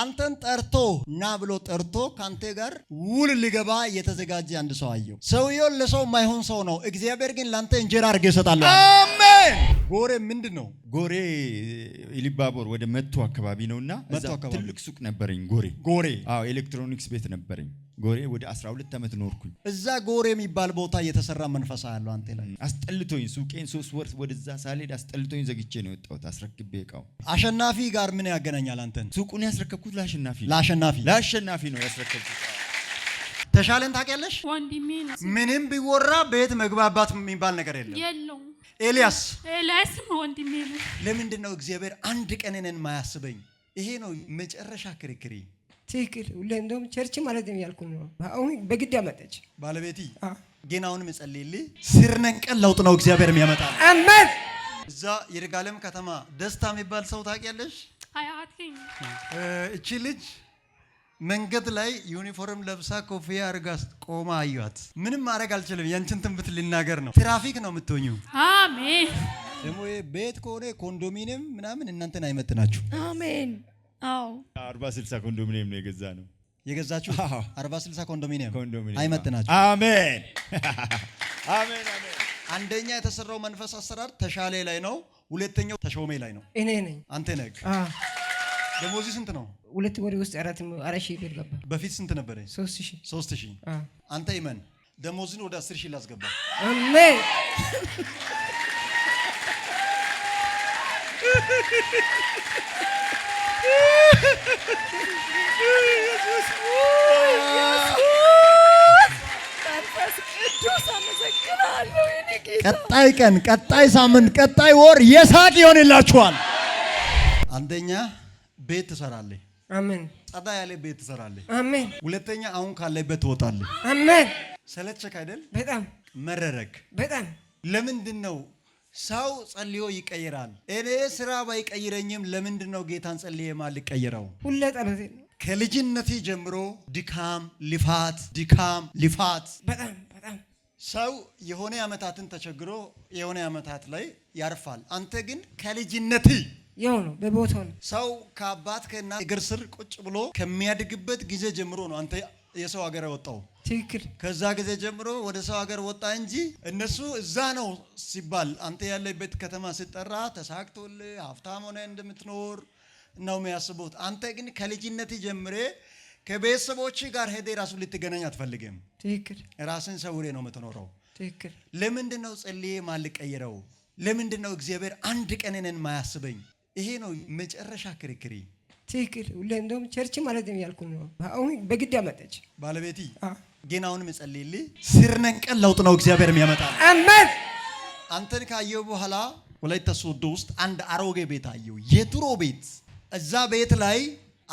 አንተን ጠርቶ ና ብሎ ጠርቶ ከአንተ ጋር ውል ሊገባ የተዘጋጀ አንድ ሰው አየው። ሰውየው ለሰው የማይሆን ሰው ነው። እግዚአብሔር ግን ለአንተ እንጀራ አድርገ ይሰጣለሁ። አሜን። ጎሬ ምንድን ነው? ጎሬ ኢሊባቦር ወደ መቶ አካባቢ ነው እና ትልቅ ሱቅ ነበረኝ። ጎሬ ጎሬ ኤሌክትሮኒክስ ቤት ነበረኝ። ጎሬ ወደ 12 ዓመት ኖርኩኝ። እዛ ጎሬ የሚባል ቦታ እየተሰራ መንፈስ አለው አንተ ላይ አስጠልቶኝ፣ ሱቄን ሶስት ወር ወደዛ ሳልሄድ አስጠልቶኝ ዘግቼ ነው የወጣሁት። አስረክቤ እቃው አሸናፊ ጋር ምን ያገናኛል አንተን? ሱቁን ያስረከብኩት ለአሸናፊ ለአሸናፊ ለአሸናፊ ነው ያስረከብኩት። ተሻለን ታውቂያለሽ? ምንም ቢወራ ቤት መግባባት የሚባል ነገር የለም። ኤልያስ ኤልያስ ነው ለምንድን ነው እግዚአብሔር አንድ ቀን እኔን የማያስበኝ? ይሄ ነው መጨረሻ ክርክሪ ትክክል። እንደውም ቸርች ማለት ነው ያልኩ ነው። አሁን በግድ ያመጣች ባለቤቴ ግን አሁን መጸልይልህ ስር ነቀል ለውጥ ነው እግዚአብሔር የሚያመጣ አሜን። እዛ የደጋለም ከተማ ደስታ የሚባል ሰው ታውቂያለሽ? አያት እቺ ልጅ መንገድ ላይ ዩኒፎርም ለብሳ ኮፍያ አርጋ ቆማ አዩት። ምንም ማድረግ አልችልም። ያንቺን ትንብት ልናገር ነው። ትራፊክ ነው የምትሆኙ። አሜን። ደግሞ ቤት ከሆነ ኮንዶሚኒየም ምናምን እናንተን አይመጥናችሁ። አሜን። አዎ፣ አርባ ስልሳ ኮንዶሚኒየም ነው የገዛ ነው የገዛችሁ። አርባ ስልሳ ኮንዶሚኒየም አይመጥናችሁ። አሜን። አሜን። አንደኛ የተሰራው መንፈስ አሰራር ተሻሌ ላይ ነው። ሁለተኛው ተሾሜ ላይ ነው። እኔ ነኝ። አንተ ነህ ደሞዝ ስንት ነው? ሁለት ወር ውስጥ አራት አራት ሺህ ብር ገባ። በፊት ስንት ነበረ? ሶስት ሺህ ሶስት ሺህ አንተ ይመን ደሞዝን ወደ አስር ሺህ ላስገባ። አሜን። ቀጣይ ቀን፣ ቀጣይ ሳምንት፣ ቀጣይ ወር የሳቅ ይሆንላችኋል። አንደኛ ቤት ትሰራለህ። አሜን። ጸዳ ያለ ቤት ትሰራለህ። አሜን። ሁለተኛ አሁን ካለበት ትወጣለህ። አሜን። ሰለቸክ አይደል? በጣም መረረክ። በጣም ለምንድን ነው ሰው ጸልዮ ይቀይራል። እኔ ስራ ባይቀይረኝም ለምንድን ነው ጌታን ጸልዬ ማል ሁሌ ጸሎቴ ነው። ከልጅነቴ ጀምሮ ድካም፣ ልፋት፣ ድካም፣ ልፋት። በጣም በጣም ሰው የሆነ ዓመታትን ተቸግሮ የሆነ ዓመታት ላይ ያርፋል። አንተ ግን ከልጅነቴ ያው ነው በቦታው ነው። ሰው ከአባት ከና እግር ስር ቁጭ ብሎ ከሚያድግበት ጊዜ ጀምሮ ነው አንተ የሰው ሀገር ወጣው። ትክክል። ከዛ ጊዜ ጀምሮ ወደ ሰው ሀገር ወጣ እንጂ እነሱ እዛ ነው ሲባል አንተ ያለበት ከተማ ሲጠራ ተሳክቶል ሀብታም ሆነ እንደምትኖር ነው የሚያስቡት። አንተ ግን ከልጅነት ጀምሬ ከቤተሰቦች ጋር ሄደ ራሱ ልትገናኝ አትፈልግም። ትክክል። ራስን ሰውሬ ነው የምትኖረው። ትክክል። ለምንድን ነው ጸልዬ ማልቀይረው? ለምንድን ነው እግዚአብሔር አንድ ቀንን ማያስበኝ? ይሄ ነው መጨረሻ ክርክሪ። ትክክል። እንደውም ቸርች ማለት ነው ያልኩ ነው። አሁን በግድ ያመጠች ባለቤቲ ግን አሁን ምጸልይልህ ስር ነቀል ለውጥ ነው እግዚአብሔር የሚያመጣ አመን። አንተን ካየው በኋላ ወላይታ ሶዶ ውስጥ አንድ አሮጌ ቤት አየው፣ የድሮ ቤት። እዛ ቤት ላይ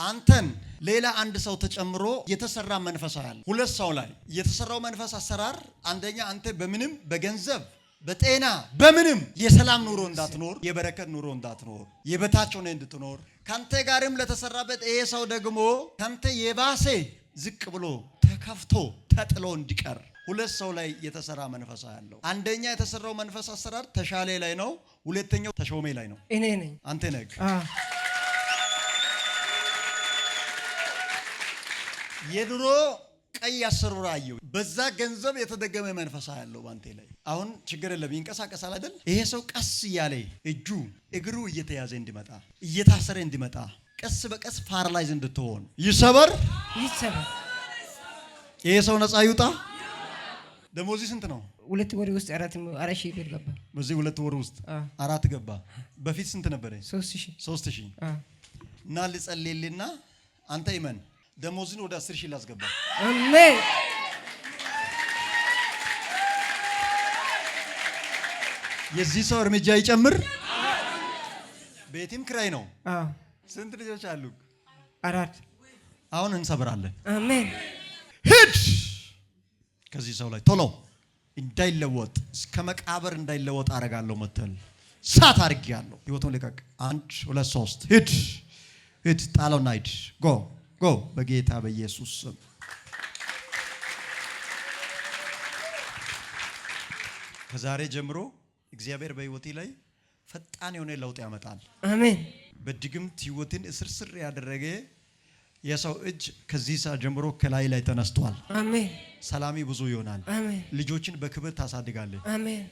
አንተን ሌላ አንድ ሰው ተጨምሮ የተሰራ መንፈስ አለ። ሁለት ሰው ላይ የተሰራው መንፈስ አሰራር አንደኛ አንተ በምንም በገንዘብ በጤና በምንም የሰላም ኑሮ እንዳትኖር፣ የበረከት ኑሮ እንዳትኖር፣ የበታች ሆነ እንድትኖር ካንተ ጋርም ለተሰራበት ይሄ ሰው ደግሞ ካንተ የባሴ ዝቅ ብሎ ተከፍቶ ተጥሎ እንዲቀር ሁለት ሰው ላይ የተሰራ መንፈስ ያለው አንደኛ የተሰራው መንፈስ አሰራር ተሻሌ ላይ ነው። ሁለተኛው ተሾሜ ላይ ነው። እኔ ነኝ። አንተ ነግ የድሮ ቀይ አሰሩራ በዛ ገንዘብ የተደገመ መንፈሳ ያለው ባንቴ ላይ አሁን ችግር የለም ይንቀሳቀሳል አይደል? ይሄ ሰው ቀስ እያለ እጁ እግሩ እየተያዘ እንዲመጣ እየታሰረ እንዲመጣ ቀስ በቀስ ፓራላይዝ እንድትሆን ይሰበር፣ ይሰበር። ይሄ ሰው ነፃ ይውጣ። ደሞዝ ስንት ነው? ሁለት ወር ውስጥ አራት ሺህ ብር ገባ። በዚህ ሁለት ወር ውስጥ አራት ገባ። በፊት ስንት ነበረ? ሶስት ሺህ እና ልጸልልና አንተ ይመን ደሞዝን ወደ አስር ሺህ ላስገባ። አሜን። የዚህ ሰው እርምጃ ይጨምር። ቤትም ክራይ ነው። ስንት ልጆች አሉ? አራት። አሁን እንሰብራለን። አሜን። ሂድ ከዚህ ሰው ላይ ቶሎ እንዳይለወጥ እስከ መቃብር እንዳይለወጥ አደርጋለሁ። መተል ሳት አድርጌያለሁ። ህይወቱን ልቀቅ። አንድ ሁለት ሶስት ሂድ ሂድ፣ ጣለውና ሂድ ጎ ጎ በጌታ በኢየሱስ ስም ከዛሬ ጀምሮ እግዚአብሔር በህይወቴ ላይ ፈጣን የሆነ ለውጥ ያመጣል። አሜን። በድግምት ሕይወትን እስርስር ያደረገ የሰው እጅ ከዚህ ሰዓት ጀምሮ ከላይ ላይ ተነስቷል። አሜን። ሰላሚ ብዙ ይሆናል። አሜን። ልጆችን በክብር ታሳድጋለህ። አሜን።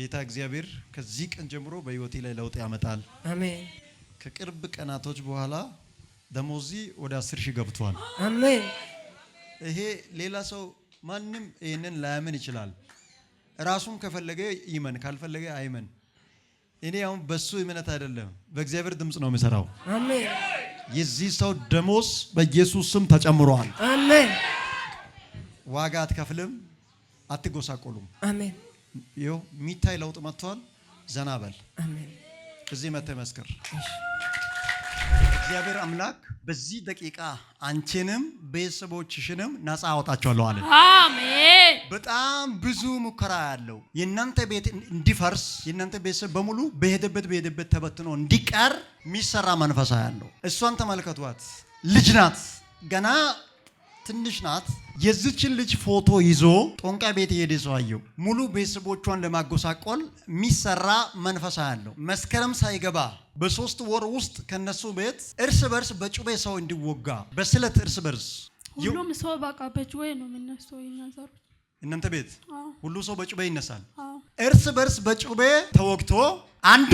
ጌታ እግዚአብሔር ከዚህ ቀን ጀምሮ በህይወቴ ላይ ለውጥ ያመጣል። አሜን። ከቅርብ ቀናቶች በኋላ ደሞዚ ወደ አስር ሺህ ገብቷል። አሜን። ይሄ ሌላ ሰው ማንም ይህንን ላያምን ይችላል። ራሱም ከፈለገ ይመን ካልፈለገ አይመን። እኔ አሁን በሱ እምነት አይደለም በእግዚአብሔር ድምፅ ነው የሚሰራው። አሜን። የዚህ ሰው ደሞዝ በኢየሱስ ስም ተጨምሯል። አሜን። ዋጋ አትከፍልም፣ አትጎሳቆሉም። አሜን። ይኸው የሚታይ ለውጥ መጥቷል። ዘና በል። አሜን። እዚህ መተህ መስክር። እግዚአብሔር አምላክ በዚህ ደቂቃ አንቺንም ቤተሰቦችሽንም ነፃ አወጣቸዋለሁ አለ። አሜን። በጣም ብዙ ሙከራ ያለው የእናንተ ቤት እንዲፈርስ የእናንተ ቤተሰብ በሙሉ በሄደበት በሄደበት ተበትኖ እንዲቀር የሚሰራ መንፈሳ ያለው እሷን ተመልከቷት። ልጅ ናት ገና ትንሽ ናት። የዝችን ልጅ ፎቶ ይዞ ጦንቃ ቤት የሄደ ሰው አየው። ሙሉ ቤተሰቦቿን ለማጎሳቆል የሚሰራ መንፈሳ ያለው መስከረም ሳይገባ በሶስት ወር ውስጥ ከነሱ ቤት እርስ በርስ በጩቤ ሰው እንዲወጋ በስለት እርስ በርስ ሁሉም ሰው በቃ በጩቤ ነው የምነሳው። እናንተ ቤት ሁሉ ሰው በጩቤ ይነሳል። እርስ በርስ በጩቤ ተወግቶ አንዱ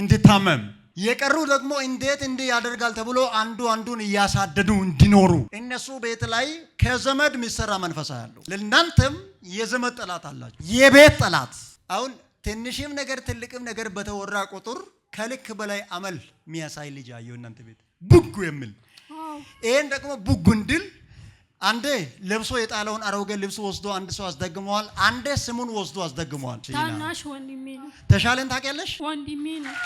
እንዲታመም የቀሩ ደግሞ እንዴት እንዲህ ያደርጋል ተብሎ አንዱ አንዱን እያሳደዱ እንዲኖሩ እነሱ ቤት ላይ ከዘመድ የሚሰራ መንፈሳ ያለው ለእናንተም የዘመድ ጠላት አላችሁ፣ የቤት ጠላት። አሁን ትንሽም ነገር ትልቅም ነገር በተወራ ቁጥር ከልክ በላይ አመል የሚያሳይ ልጅ አየሁ እናንተ ቤት ቡጉ የሚል ይህን ደግሞ ቡጉ እንድል አንዴ ለብሶ የጣለውን አሮጌ ልብስ ወስዶ አንድ ሰው አስደግመዋል። አንዴ ስሙን ወስዶ አስደግመዋል። ታናሽ ወንድሜ ነው። ተሻለን ታውቂያለሽ? ወንድሜ ነው።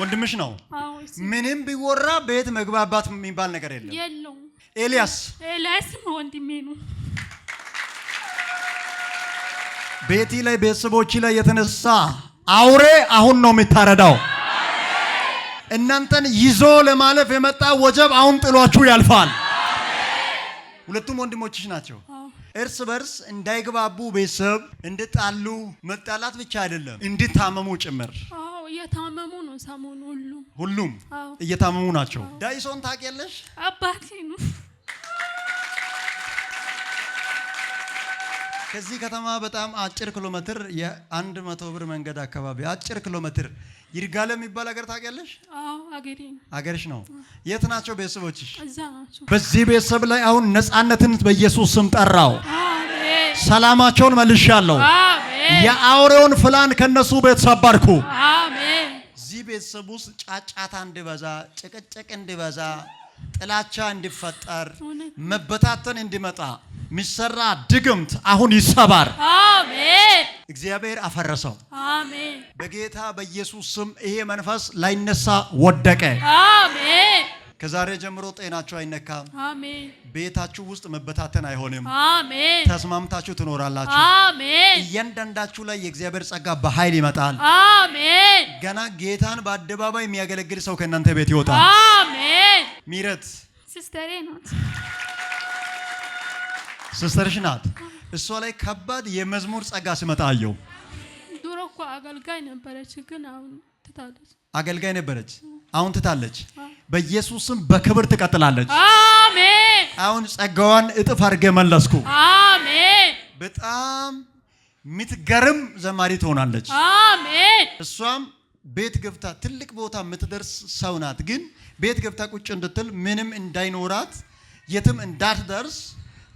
ወንድምሽ ነው። ምንም ቢወራ ቤት መግባባት የሚባል ነገር የለም። ኤልያስ ኤልያስ ወንድሜ ነው። ቤቲ ላይ ቤተሰቦች ላይ የተነሳ አውሬ አሁን ነው የምታረዳው እናንተን ይዞ ለማለፍ የመጣ ወጀብ አሁን ጥሏችሁ ያልፋል። ሁለቱም ወንድሞችሽ ናቸው። እርስ በርስ እንዳይግባቡ ቤተሰብ እንድጣሉ መጣላት ብቻ አይደለም እንድታመሙ ጭምር እየታመሙ ነው ሰሞኑ። ሁሉም ሁሉም እየታመሙ ናቸው። ዳይሶን ታውቂያለሽ? አባቴ ነው። ከዚህ ከተማ በጣም አጭር ኪሎ ሜትር የአንድ መቶ ብር መንገድ አካባቢ አጭር ኪሎ ሜትር ይርጋለ የሚባል ሀገር ታውቂያለሽ? ሀገርሽ ነው። የት ናቸው ቤተሰቦችሽ? በዚህ ቤተሰብ ላይ አሁን ነፃነትን በኢየሱስ ስም ጠራው። ሰላማቸውን መልሻለሁ። የአውሬውን ፍላን ከነሱ ቤት ሰባርኩ። ቤተሰብ ውስጥ ጫጫታ እንዲበዛ፣ ጭቅጭቅ እንዲበዛ፣ ጥላቻ እንዲፈጠር፣ መበታተን እንዲመጣ ሚሰራ ድግምት አሁን ይሰባር። አሜን። እግዚአብሔር አፈረሰው። አሜን። በጌታ በኢየሱስ ስም ይሄ መንፈስ ላይነሳ ወደቀ። አሜን። ከዛሬ ጀምሮ ጤናችሁ አይነካም። አሜን። ቤታችሁ ውስጥ መበታተን አይሆንም። አሜን። ተስማምታችሁ ትኖራላችሁ። አሜን። እያንዳንዳችሁ ላይ የእግዚአብሔር ጸጋ በኃይል ይመጣል። አሜን። ገና ጌታን በአደባባይ የሚያገለግል ሰው ከእናንተ ቤት ይወጣል። አሜን። ሚረት ሲስተሬ ናት፣ ሲስተርሽ ናት። እሷ ላይ ከባድ የመዝሙር ጸጋ ሲመጣ አየው። ድሮ እኮ አገልጋይ ነበረች ግን አሁን አገልጋይ ነበረች፣ አሁን ትታለች። በኢየሱስም በክብር ትቀጥላለች። አሜን። አሁን ጸጋዋን እጥፍ አድርጌ መለስኩ። አሜን። በጣም የምትገርም ዘማሪ ትሆናለች። አሜን። እሷም ቤት ገብታ ትልቅ ቦታ የምትደርስ ሰው ናት። ግን ቤት ገብታ ቁጭ እንድትል ምንም እንዳይኖራት የትም እንዳትደርስ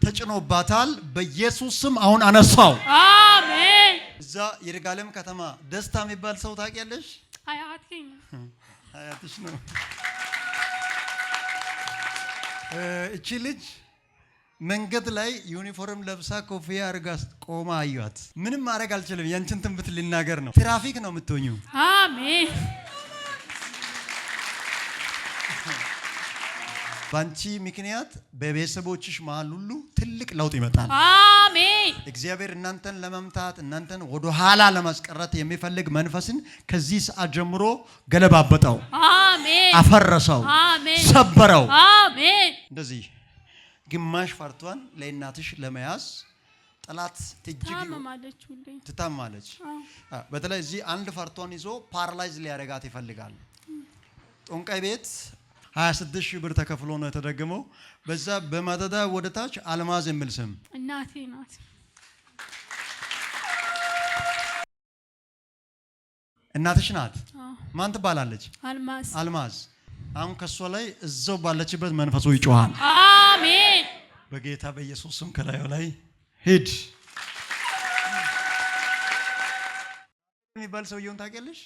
ተጭኖባታል። በኢየሱስም አሁን አነሳው። አሜን። እዛ የደጋለም ከተማ ደስታ የሚባል ሰው ታውቂያለሽ? አያቴ አያትሽ ነው። ልጅ መንገድ ላይ ዩኒፎርም ለብሳ ኮፍያ አድርጋ ቆማ አየኋት። ምንም ማድረግ አልችልም። ያንቺን ትንብት ልናገር ነው። ትራፊክ ነው የምትሆኙ። አሜን በአንቺ ምክንያት በቤተሰቦችሽ መሀል ሁሉ ትልቅ ለውጥ ይመጣል። አሜን። እግዚአብሔር እናንተን ለመምታት እናንተን ወደ ኋላ ለማስቀረት የሚፈልግ መንፈስን ከዚህ ሰዓት ጀምሮ ገለባበጠው፣ አፈረሰው፣ ሰበረው። አሜን። እንደዚህ ግማሽ ፈርቷን ለእናትሽ ለመያዝ ጠላት እጅግ ትታማለች። በተለይ እዚህ አንድ ፈርቷን ይዞ ፓራላይዝ ሊያደርጋት ይፈልጋል። ጦንቃይ ቤት 26 ሺህ ብር ተከፍሎ ነው የተደገመው። በዛ በማጠዳ ወደ ታች አልማዝ የሚል ስም እናቴ ናት። እናትሽ ናት። ማን ትባላለች? አልማዝ አልማዝ። አሁን ከእሷ ላይ እዛው ባለችበት መንፈሱ ይጮሃል። አሜን። በጌታ በኢየሱስ ስም ከላዩ ላይ ሂድ የሚባል ሰውየውን ታውቂያለሽ?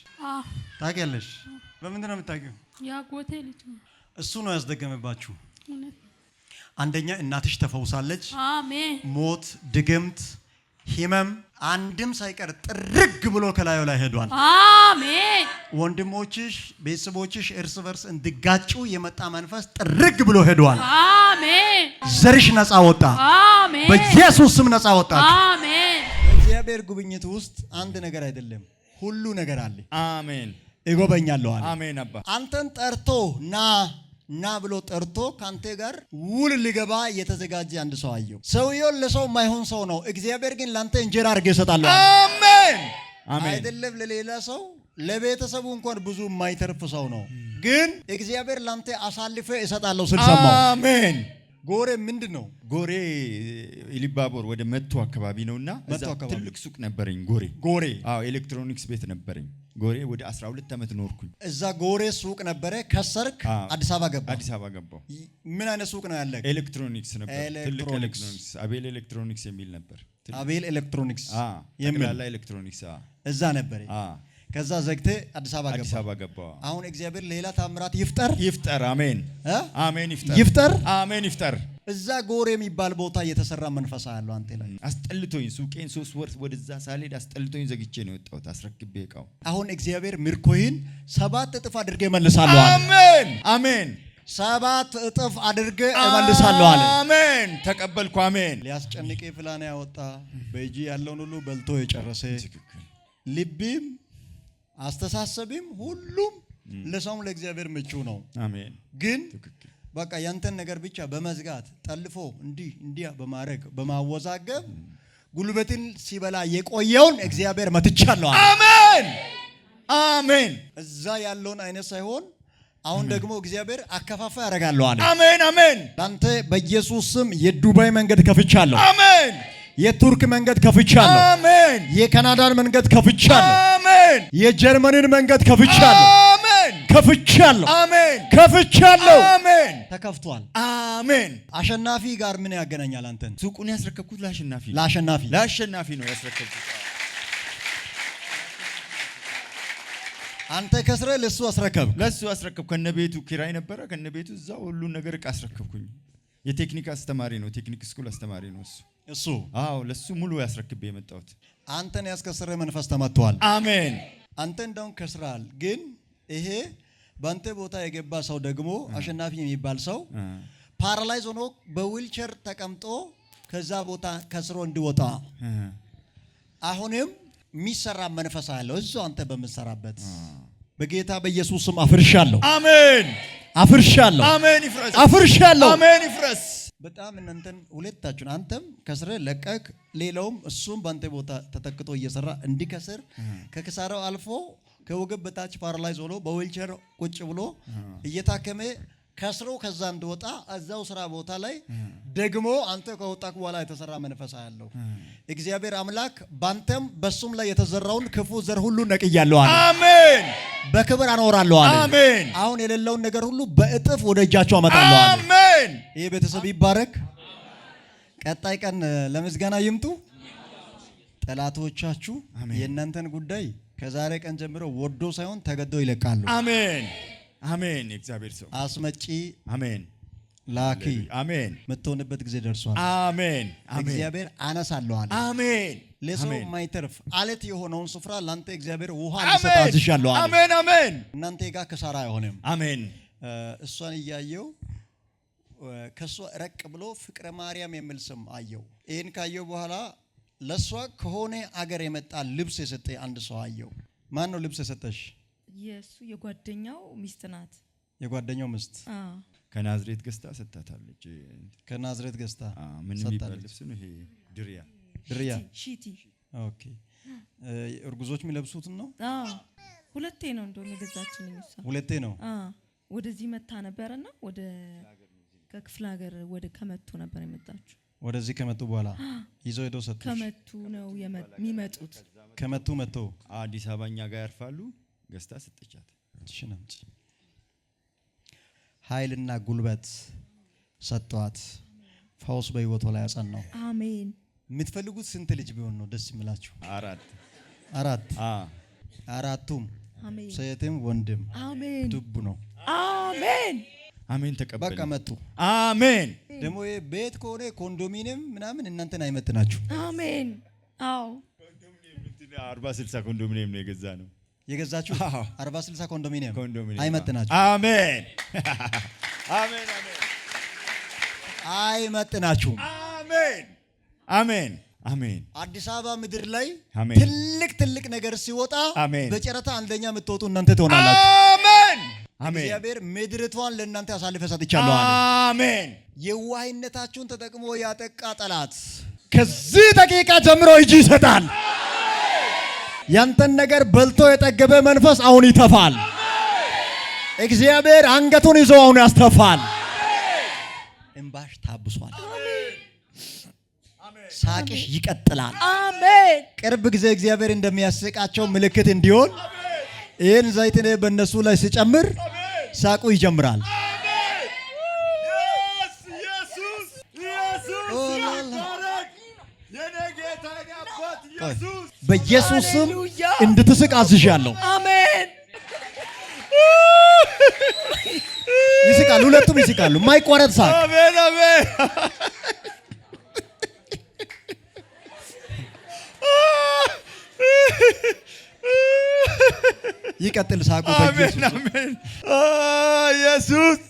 ታውቂያለሽ? በምንድን ነው የምታውቂው? የአጎቴ ልጅ ነው። እሱ ነው ያስደገመባችሁ። አንደኛ እናትሽ ተፈውሳለች። ሞት፣ ድግምት፣ ህመም አንድም ሳይቀር ጥርግ ብሎ ከላዩ ላይ ሄዷል። አሜን። ወንድሞችሽ፣ ቤተሰቦችሽ እርስ በርስ እንዲጋጩ የመጣ መንፈስ ጥርግ ብሎ ሄዷል። አሜን። ዘርሽ ነፃ ወጣ። አሜን። በኢየሱስ ስም ነፃ ወጣ። አሜን። በእግዚአብሔር ጉብኝት ውስጥ አንድ ነገር አይደለም ሁሉ ነገር አለ። አሜን። እጎበኛለሁ አለ። አሜን። አባ አንተን ጠርቶ ና ና ብሎ ጠርቶ ከአንተ ጋር ውል ሊገባ የተዘጋጀ አንድ ሰው አየው። ሰውየውን ለሰው የማይሆን ሰው ነው፣ እግዚአብሔር ግን ለአንተ እንጀራ አድርጌ እሰጣለሁ። አሜን። አይደለም ለሌላ ሰው ለቤተሰቡ እንኳን ብዙ የማይተርፍ ሰው ነው፣ ግን እግዚአብሔር ለአንተ አሳልፈ እሰጣለሁ ስል ሰማሁ። አሜን። ጎሬ ምንድን ነው? ጎሬ ኢሊባቦር ወደ መቶ አካባቢ ነውና ትልቅ ሱቅ ነበረኝ። ጎሬ ጎሬ ኤሌክትሮኒክስ ቤት ነበረኝ። ጎሬ ወደ 12 ዓመት ኖርኩኝ። እዛ ጎሬ ሱቅ ነበረ። ከሰርክ አዲስ አበባ ገባ። አዲስ አበባ ገባው። ምን አይነት ሱቅ ነው ያለ? ኤሌክትሮኒክስ ነበር። ትልቅ ኤሌክትሮኒክስ አቤል ኤሌክትሮኒክስ የሚል ነበር። አቤል ኤሌክትሮኒክስ የሚል አላ ኤሌክትሮኒክስ እዛ ነበር። ከዛ ዘግቴ አዲስ አበባ ገባ። አዲስ አበባ ገባ። አሁን እግዚአብሔር ሌላ ታምራት ይፍጠር ይፍጠር። አሜን አሜን። ይፍጠር ይፍጠር። አሜን ይፍጠር እዛ ጎሬ የሚባል ቦታ እየተሰራ መንፈስ አለው አንተ ላይ አስጠልቶኝ፣ ሱቄን ሶስት ወር ወደዛ ሳልሄድ አስጠልቶኝ ዘግቼ ነው የወጣሁት። አስረክቤ እቃው አሁን እግዚአብሔር ምርኮይን ሰባት እጥፍ አድርጌ እመልሳለሁ። አሜን አሜን። ሰባት እጥፍ አድርጌ እመልሳለሁ አለ። አሜን ተቀበልኩ። አሜን ሊያስጨንቅ ፍላና ያወጣ በእጅ ያለውን ሁሉ በልቶ የጨረሰ ልቢም አስተሳሰብም ሁሉም ለሰውም ለእግዚአብሔር ምቹ ነው። አሜን ግን በቃ ያንተን ነገር ብቻ በመዝጋት ጠልፎ እንዲህ እንዲህ በማድረግ በማወዛገብ ጉልበትን ሲበላ የቆየውን እግዚአብሔር መትቻለሁ። አሜን አሜን። እዛ ያለውን አይነት ሳይሆን አሁን ደግሞ እግዚአብሔር አከፋፋ ያደርጋለሁ አለ። አሜን አሜን። አንተ በኢየሱስ ስም የዱባይ መንገድ ከፍቻለሁ። አሜን። የቱርክ መንገድ ከፍቻለሁ። አሜን። የካናዳን መንገድ ከፍቻለሁ። አሜን። የጀርመንን መንገድ ከፍቻለሁ። ከፍቻለሁ። አሜን። ከፍቻለሁ። አሜን። ተከፍቷል። አሜን። አሸናፊ ጋር ምን ያገናኛል? አንተን ሱቁን ያስረከብኩት ለአሸናፊ ለአሸናፊ ለአሸናፊ ነው ያስረከብኩት። አንተ ከስረ ለሱ አስረከብ ለሱ አስረከብ ከነ ቤቱ ኪራይ ነበረ። ከነ ቤቱ እዛው ሁሉን ነገር እቃ አስረከብኩኝ። የቴክኒክ አስተማሪ ነው፣ ቴክኒክ ስኩል አስተማሪ ነው እሱ እሱ አዎ፣ ለሱ ሙሉ ያስረክብ የመጣሁት አንተን ያስከሰረ መንፈስ ተመቷል። አሜን። አንተ እንደውም ከስራል ግን ይሄ በአንተ ቦታ የገባ ሰው ደግሞ አሸናፊ የሚባል ሰው ፓራላይዝ ሆኖ በዊልቸር ተቀምጦ ከዛ ቦታ ከስሮ እንዲወጣ አሁንም የሚሰራ መንፈስ አለው። እዛው አንተ በምትሰራበት በጌታ በኢየሱስ ስም አፍርሻለሁ። አሜን። አፍርሻለሁ። አሜን። ይፍረስ። አፍርሻለሁ። አሜን። ይፍረስ። በጣም እናንተን ሁለታችሁን አንተም ከስረ ለቀቅ፣ ሌላውም እሱም በአንተ ቦታ ተተክቶ እየሰራ እንዲከስር ከክሳራው አልፎ ከወገብ በታች ፓራላይዝ ሆኖ በዊልቸር ቁጭ ብሎ እየታከመ ከስሮ ከዛ እንደወጣ እዛው ስራ ቦታ ላይ ደግሞ አንተ ከወጣክ በኋላ የተሰራ መንፈስ አያለሁ። እግዚአብሔር አምላክ ባንተም በሱም ላይ የተዘራውን ክፉ ዘር ሁሉ ነቅያለሁ አለ። አሜን። በክብር አኖራለሁ አለ። አሜን። አሁን የሌለውን ነገር ሁሉ በእጥፍ ወደ እጃቸው አመጣለሁ አለ። አሜን። ቤተሰብ ይባረክ። ቀጣይ ቀን ለምስጋና ይምጡ። ጠላቶቻችሁ የእናንተን ጉዳይ ከዛሬ ቀን ጀምሮ ወዶ ሳይሆን ተገዶ ይለቃሉ። አሜን አሜን። እግዚአብሔር ሰው አስመጪ አሜን ላኪ አሜን። የምትሆንበት ጊዜ ደርሷል። አሜን እግዚአብሔር አነሳለሁ አሜን ለሰው ማይተርፍ አለት የሆነውን ስፍራ ለአንተ እግዚአብሔር ውሃ ሊሰጥ አዝዣለሁ አሜን አሜን። እናንተ ጋር ከሳራ አይሆንም። አሜን እሷን እያየው ከእሷ ረቅ ብሎ ፍቅረ ማርያም የሚል ስም አየው። ይህን ካየው በኋላ ለእሷ ከሆነ አገር የመጣ ልብስ የሰጠ አንድ ሰው አየው። ማን ነው ልብስ የሰጠሽ? የእሱ የጓደኛው ሚስት ናት። የጓደኛው ሚስት ከናዝሬት ገዝታ ሰጥታታለች። ከናዝሬት ገዝታ ምን የሚባል ልብስ ነው ይሄ? ድሪያ ድሪያ ሺቲ። እርጉዞች የሚለብሱት ነው። ሁለቴ ነው እንደሆነ የገዛችን ሚሳ ሁለቴ ነው። ወደዚህ መታ ነበርና ወደ ከክፍለ ሀገር ወደ ከመቱ ነበር የመጣችው ወደዚህ ከመጡ በኋላ ይዞ ሄዶ ሰጡ። ከመቱ ነው የሚመጡት። ከመቱ መጥቶ አዲስ አበባ እኛ ጋር ያርፋሉ። ገዝታ ሰጠቻት። ኃይልና ጉልበት ሰጠዋት። ፈውስ በህይወቱ ላይ ያጸናው። አሜን። የምትፈልጉት ስንት ልጅ ቢሆን ነው ደስ የሚላችሁ? አራት አራት አራቱም ሴትም ወንድም ዱብ ነው። አሜን። አሜን። ተቀበል። በቃ መጡ። አሜን። ደግሞ ቤት ከሆነ ኮንዶሚኒየም ምናምን እናንተን አይመጥናችሁ። አሜን። አዎ፣ አርባ ስልሳ ኮንዶሚኒየም ነው የገዛ ነው የገዛችሁ። አርባ ስልሳ ኮንዶሚኒየም አይመጥናችሁ። አሜን፣ አሜን፣ አሜን። አይመጥናችሁም። አሜን፣ አሜን፣ አሜን። አዲስ አበባ ምድር ላይ ትልቅ ትልቅ ነገር ሲወጣ በጨረታ አንደኛ የምትወጡ እናንተ ትሆናላችሁ። እግዚአብሔር ምድርቷን ለእናንተ ያሳልፈ ሰጥቻለሁ አሜን። የዋህነታችሁን ተጠቅሞ ያጠቃ ጠላት ከዚህ ደቂቃ ጀምሮ እጅ ይሰጣል። ያንተን ነገር በልቶ የጠገበ መንፈስ አሁን ይተፋል። እግዚአብሔር አንገቱን ይዞ አሁን ያስተፋል። እንባሽ ታብሷል። ሳቅሽ ይቀጥላል። አሜን። ቅርብ ጊዜ እግዚአብሔር እንደሚያስቃቸው ምልክት እንዲሆን ይህን ዘይት እኔ በእነሱ ላይ ስጨምር ሳቁ ይጀምራል። በኢየሱስ ስም እንድትስቅ አዝዣለሁ። አሜን። ይስቃሉ፣ ሁለቱም ይስቃሉ። የማይቋረጥ ሳቅ። አሜን፣ አሜን። ይቀጥል ሳቁ። አሜን አሜን። ኢየሱስ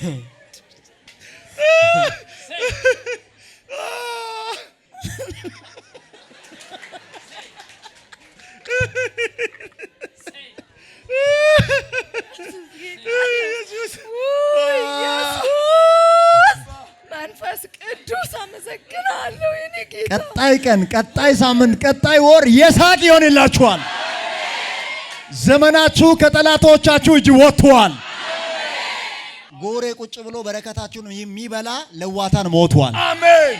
Hey! ቀን፣ ቀጣይ ሳምንት፣ ቀጣይ ወር የሳቅ ይሆንላችኋል። ዘመናችሁ ከጠላቶቻችሁ እጅ ወጥቷል። ጎሬ ቁጭ ብሎ በረከታችሁን የሚበላ ለዋታን ሞቷል። አሜን።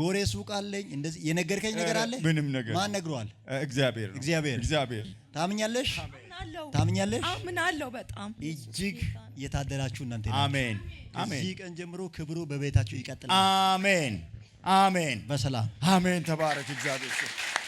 ጎሬ ሱቅ አለኝ እንደዚህ የነገርከኝ ነገር አለ። ምንም ነገር ማን ነግሯል? እግዚአብሔር እግዚአብሔር እግዚአብሔር። ታምኛለሽ? ታምኛለሽ? አምናለሁ። በጣም እጅግ የታደላችሁ እናንተ። አሜን። እዚህ ቀን ጀምሮ ክብሩ በቤታችሁ ይቀጥላል። አሜን። አሜን። በሰላም አሜን። ተባረክ እግዚአብሔር